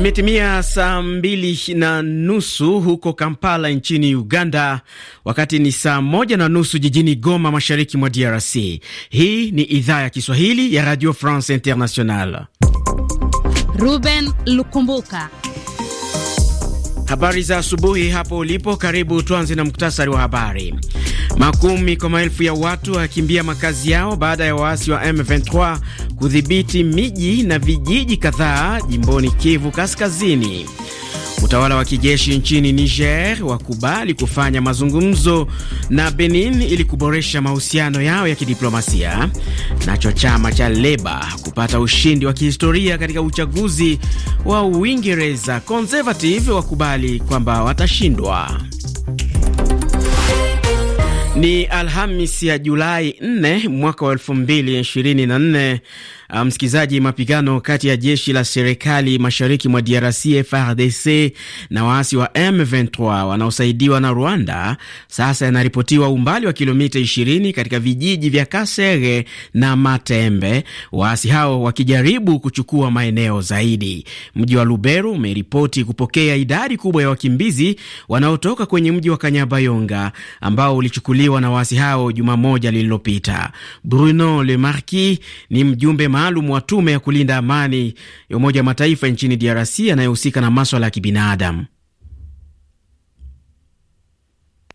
Imetimia saa mbili na nusu huko Kampala nchini Uganda, wakati ni saa moja na nusu jijini Goma, mashariki mwa DRC. Hii ni idhaa ya Kiswahili ya Radio France International. Ruben Lukumbuka, habari za asubuhi hapo ulipo. Karibu tuanze na muktasari wa habari. Makumi kwa maelfu ya watu wakimbia makazi yao baada ya waasi wa M23 kudhibiti miji na vijiji kadhaa jimboni Kivu Kaskazini. Utawala wa kijeshi nchini Niger wakubali kufanya mazungumzo na Benin ili kuboresha mahusiano yao ya kidiplomasia. Nacho chama cha Leba kupata ushindi wa kihistoria katika uchaguzi wa Uingereza. Conservative wakubali kwamba watashindwa. Ni Alhamisi ya Julai 4 mwaka wa 2024. Ah, msikilizaji, mapigano kati ya jeshi la serikali mashariki mwa DRC frdc na waasi wa M23 wanaosaidiwa na Rwanda sasa yanaripotiwa umbali wa kilomita 20 katika vijiji vya Kasere na Matembe, waasi hao wakijaribu kuchukua maeneo zaidi. Mji wa Lubero umeripoti kupokea idadi kubwa ya wakimbizi wanaotoka kwenye mji wa Kanyabayonga ambao ulichukuliwa na waasi hao juma moja lililopita. Bruno Le Marquis ni mjumbe maalum wa tume ya kulinda amani ya Umoja wa Mataifa nchini DRC anayehusika na maswala ya kibinadamu.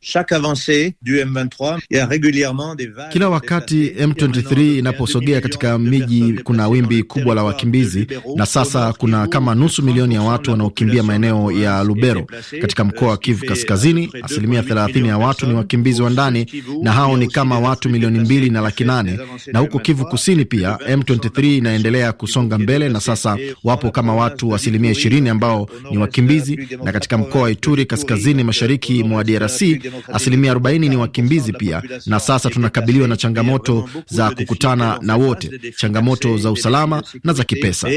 Chaque avancée du M23 régulièrement des vagues. Kila wakati M23 inaposogea katika miji kuna wimbi kubwa la wakimbizi, na sasa kuna kama nusu milioni ya watu wanaokimbia maeneo ya Lubero katika mkoa wa Kivu Kaskazini. Asilimia 30 ya watu ni wakimbizi wa ndani, na hao ni kama watu milioni mbili na laki nane. Na huko Kivu Kusini pia M23 inaendelea kusonga mbele, na sasa wapo kama watu asilimia 20 ambao ni wakimbizi, na katika mkoa wa Ituri kaskazini mashariki mwa DRC asilimia 40 ni wakimbizi pia, na sasa tunakabiliwa na changamoto za kukutana na wote, changamoto za usalama na za kipesa.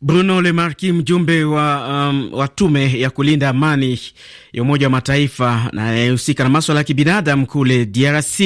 Bruno Lemarquis, mjumbe wa, um, wa tume ya kulinda amani ya Umoja wa Mataifa anayehusika na, na maswala ya kibinadamu kule DRC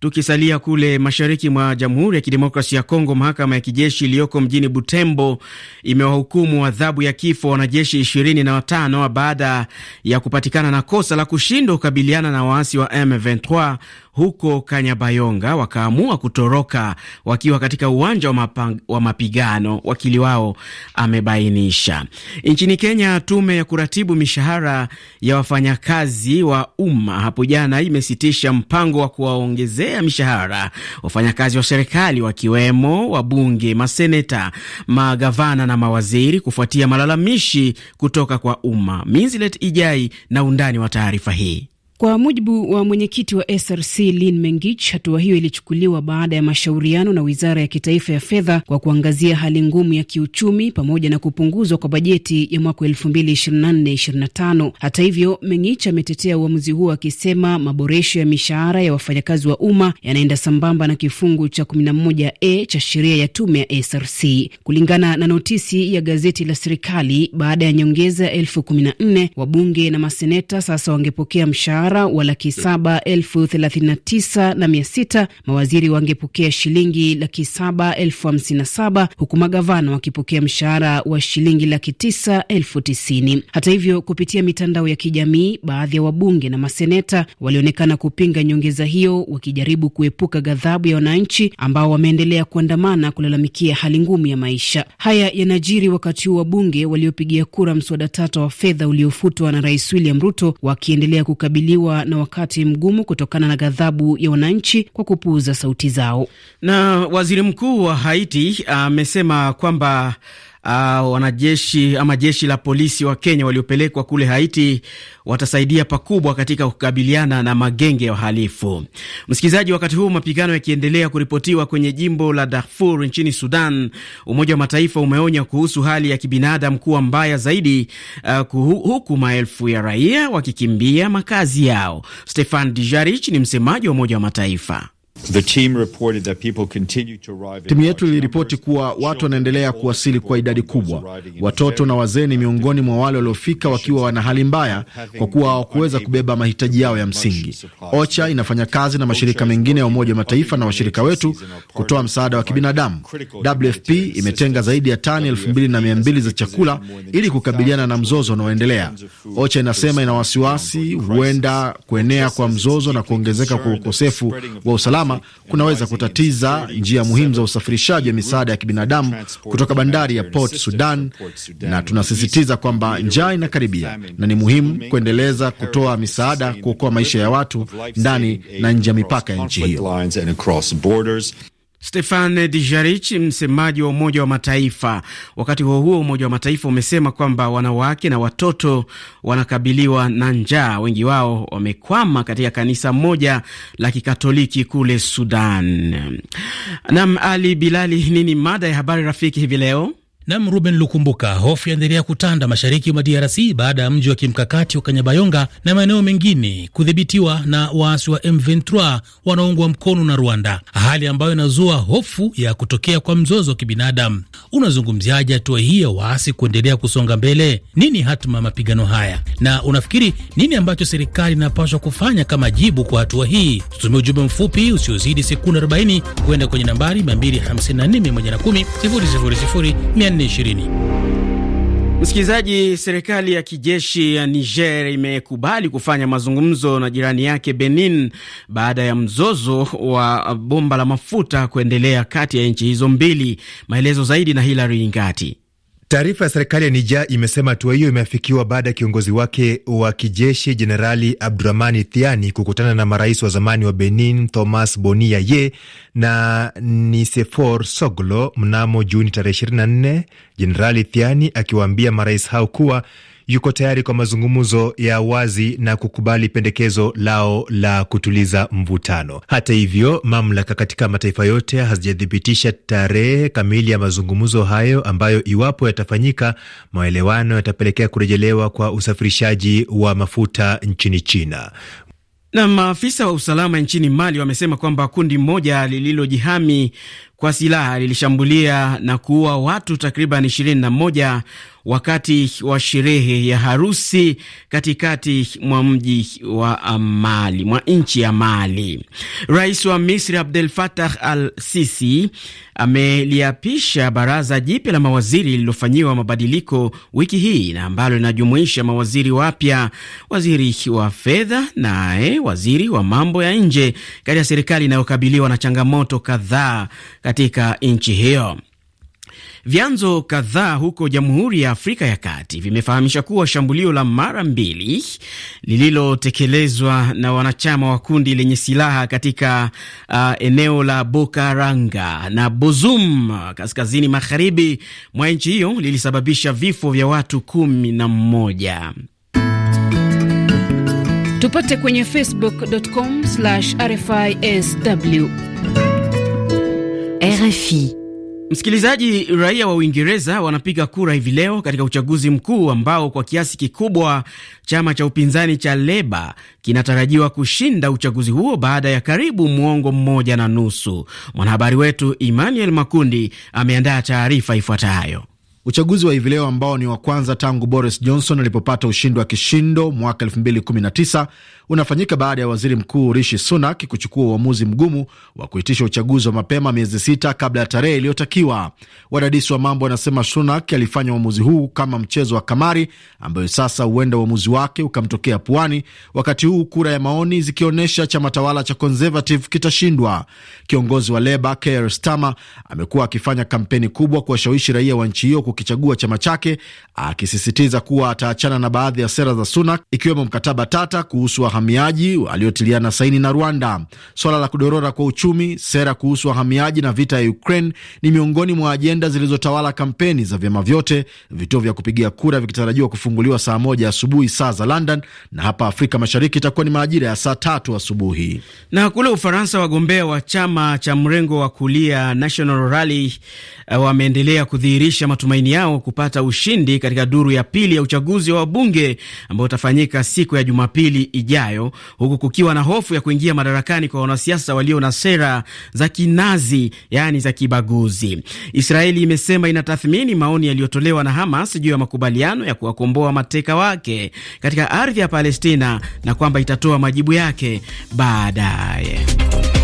Tukisalia kule mashariki mwa Jamhuri ya Kidemokrasi ya Kongo, mahakama ya kijeshi iliyoko mjini Butembo imewahukumu adhabu ya kifo wanajeshi ishirini na watano baada ya kupatikana na kosa la kushindwa kukabiliana na waasi wa M23 huko Kanyabayonga wakaamua kutoroka wakiwa katika uwanja wa, mapang, wa mapigano, wakili wao amebainisha. Nchini Kenya, tume ya kuratibu mishahara ya wafanyakazi wa umma hapo jana imesitisha mpango wa kuwaongezea mishahara wafanyakazi wa serikali wakiwemo wabunge, maseneta, magavana na mawaziri kufuatia malalamishi kutoka kwa umma. Minzilet Ijai na undani wa taarifa hii. Kwa mujibu wa mwenyekiti wa SRC Lin Mengich, hatua hiyo ilichukuliwa baada ya mashauriano na wizara ya kitaifa ya fedha kwa kuangazia hali ngumu ya kiuchumi pamoja na kupunguzwa kwa bajeti ya mwaka 2024/25. Hata hivyo, Mengich ametetea uamuzi huo akisema maboresho ya mishahara ya wafanyakazi wa umma yanaenda sambamba na kifungu cha 11a e cha sheria ya tume ya SRC. Kulingana na notisi ya gazeti la serikali, baada ya nyongeza elfu 14 wabunge na maseneta sasa wangepokea mshahara mshahara wa laki saba elfu thelathini na tisa na mia sita mawaziri wangepokea shilingi laki saba elfu hamsini na saba huku magavana wakipokea mshahara wa shilingi laki tisa elfu tisini. Hata hivyo, kupitia mitandao ya kijamii, baadhi ya wabunge na maseneta walionekana kupinga nyongeza hiyo, wakijaribu kuepuka ghadhabu ya wananchi ambao wameendelea kuandamana kulalamikia hali ngumu ya maisha. Haya yanajiri wakati huu wabunge waliopigia kura mswada tata wa fedha uliofutwa na Rais William Ruto wakiendelea kukabiliwa wanakabiliwa na wakati mgumu kutokana na ghadhabu ya wananchi kwa kupuuza sauti zao. Na waziri mkuu wa Haiti amesema kwamba uh, wanajeshi ama jeshi la polisi wa Kenya waliopelekwa kule Haiti watasaidia pakubwa katika kukabiliana na magenge ya uhalifu Msikilizaji, wakati huu mapigano yakiendelea kuripotiwa kwenye jimbo la Darfur nchini Sudan, Umoja wa Mataifa umeonya kuhusu hali ya kibinadamu kuwa mbaya zaidi, uh, huku maelfu ya raia wakikimbia makazi yao. Stefan Dijarich ni msemaji wa Umoja wa Mataifa. Timu yetu iliripoti kuwa watu wanaendelea kuwasili kwa idadi kubwa. Watoto na wazee ni miongoni mwa wale waliofika wakiwa wana hali mbaya, kwa kuwa hawakuweza kubeba mahitaji yao ya msingi. OCHA inafanya kazi na mashirika mengine ya Umoja wa Mataifa na washirika wetu kutoa msaada wa kibinadamu. WFP imetenga zaidi ya tani elfu mbili na mia mbili za chakula ili kukabiliana na mzozo unaoendelea. OCHA inasema ina wasiwasi huenda kuenea kwa mzozo na kuongezeka kwa ukosefu wa usalama usalama kunaweza kutatiza njia muhimu za usafirishaji wa misaada ya kibinadamu kutoka bandari ya Port Sudan, na tunasisitiza kwamba njaa inakaribia na ni muhimu kuendeleza kutoa misaada kuokoa maisha ya watu ndani na nje ya mipaka ya nchi hiyo. Stefan Dijarich, msemaji wa Umoja wa Mataifa. Wakati huo huo, Umoja wa Mataifa umesema kwamba wanawake na watoto wanakabiliwa na njaa, wengi wao wamekwama katika kanisa moja la kikatoliki kule Sudan. Nam Ali Bilali, nini mada ya habari rafiki hivi leo? Nam Ruben Lukumbuka. Hofu yaendelea kutanda mashariki mwa DRC baada ya mji wa kimkakati wa Kanyabayonga na maeneo mengine kudhibitiwa na waasi wa M23 wanaoungwa mkono na Rwanda, hali ambayo inazua hofu ya kutokea kwa mzozo wa kibinadamu. Unazungumziaje hatua hii ya waasi kuendelea kusonga mbele? Nini ya mapigano haya, na unafikiri nini ambacho serikali inapaswa kufanya kama jibu kwa hatua hii? Tutumie ujumbe mfupi usiozidi sekunde 40 kwenda kwenye nambari 254 110 000 Msikilizaji, serikali ya kijeshi ya Niger imekubali kufanya mazungumzo na jirani yake Benin baada ya mzozo wa bomba la mafuta kuendelea kati ya nchi hizo mbili. Maelezo zaidi na Hilary Ngati. Taarifa ya serikali ya Nija imesema hatua hiyo imeafikiwa baada ya kiongozi wake wa kijeshi Jenerali Abdurahmani Thiani kukutana na marais wa zamani wa Benin Thomas Boni Yaye na Nisefor Soglo mnamo Juni tarehe 24 Jenerali Thiani akiwaambia marais hao kuwa yuko tayari kwa mazungumzo ya wazi na kukubali pendekezo lao la kutuliza mvutano. Hata hivyo, mamlaka katika mataifa yote hazijathibitisha tarehe kamili ya mazungumzo hayo, ambayo iwapo yatafanyika, maelewano yatapelekea kurejelewa kwa usafirishaji wa mafuta nchini China. Na maafisa wa usalama nchini Mali wamesema kwamba kundi moja lililojihami kwa silaha lilishambulia na kuua watu takriban na moja wakati wa sherehe ya harusi katikati mwa mji wa Mali, mwa nchi ya Mali. Rais wa Misri Abdel Fattah al Sisi ameliapisha baraza jipya la mawaziri lililofanyiwa mabadiliko wiki hii na ambalo linajumuisha mawaziri wapya, waziri wa fedha naye waziri wa mambo ya nje katika serikali inayokabiliwa na changamoto kadhaa katika nchi hiyo. Vyanzo kadhaa huko Jamhuri ya Afrika ya Kati vimefahamisha kuwa shambulio la mara mbili lililotekelezwa na wanachama wa kundi lenye silaha katika uh, eneo la Bokaranga na Bozum kaskazini magharibi mwa nchi hiyo lilisababisha vifo vya watu kumi na mmoja. Tupate kwenye facebook.com/rfisw RFI. Msikilizaji, raia wa Uingereza wanapiga kura hivi leo katika uchaguzi mkuu ambao kwa kiasi kikubwa chama cha upinzani cha Leba kinatarajiwa kushinda uchaguzi huo baada ya karibu mwongo mmoja na nusu. Mwanahabari wetu Emmanuel Makundi ameandaa taarifa ifuatayo. Uchaguzi wa hivi leo ambao ni wa kwanza tangu Boris Johnson alipopata ushindi wa kishindo mwaka 2019 unafanyika baada ya waziri mkuu Rishi Sunak kuchukua uamuzi mgumu wa kuitisha uchaguzi wa mapema miezi sita kabla ya tarehe iliyotakiwa. Wadadisi wa mambo wanasema Sunak alifanya uamuzi huu kama mchezo wa kamari, ambayo sasa huenda uamuzi wake ukamtokea puani, wakati huu kura ya maoni zikionyesha chama tawala cha Conservative kitashindwa. Kiongozi wa Leba Keir Starmer amekuwa akifanya kampeni kubwa kuwashawishi raia wa nchi hiyo kukichagua chama chake, akisisitiza kuwa ataachana na baadhi ya sera za Sunak ikiwemo mkataba tata kuhusu wahamiaji aliyotiliana saini na Rwanda. Swala la kudorora kwa uchumi, sera kuhusu wahamiaji na vita ya Ukraine ni miongoni mwa ajenda zilizotawala kampeni za vyama vyote, vituo vya kupigia kura vikitarajiwa kufunguliwa saa moja asubuhi saa za London, na hapa Afrika Mashariki itakuwa ni majira ya saa tatu asubuhi. Na kule Ufaransa, wagombea wa chama cha mrengo wa kulia National Rally eh, wameendelea kudhihirisha matumaini yao kupata ushindi katika duru ya pili ya uchaguzi wa wabunge ambao utafanyika siku ya Jumapili ijayo yajayo, huku kukiwa na hofu ya kuingia madarakani kwa wanasiasa walio na sera za kinazi, yaani za kibaguzi. Israeli imesema inatathmini maoni yaliyotolewa na Hamas juu ya makubaliano ya kuwakomboa mateka wake katika ardhi ya Palestina na kwamba itatoa majibu yake baadaye.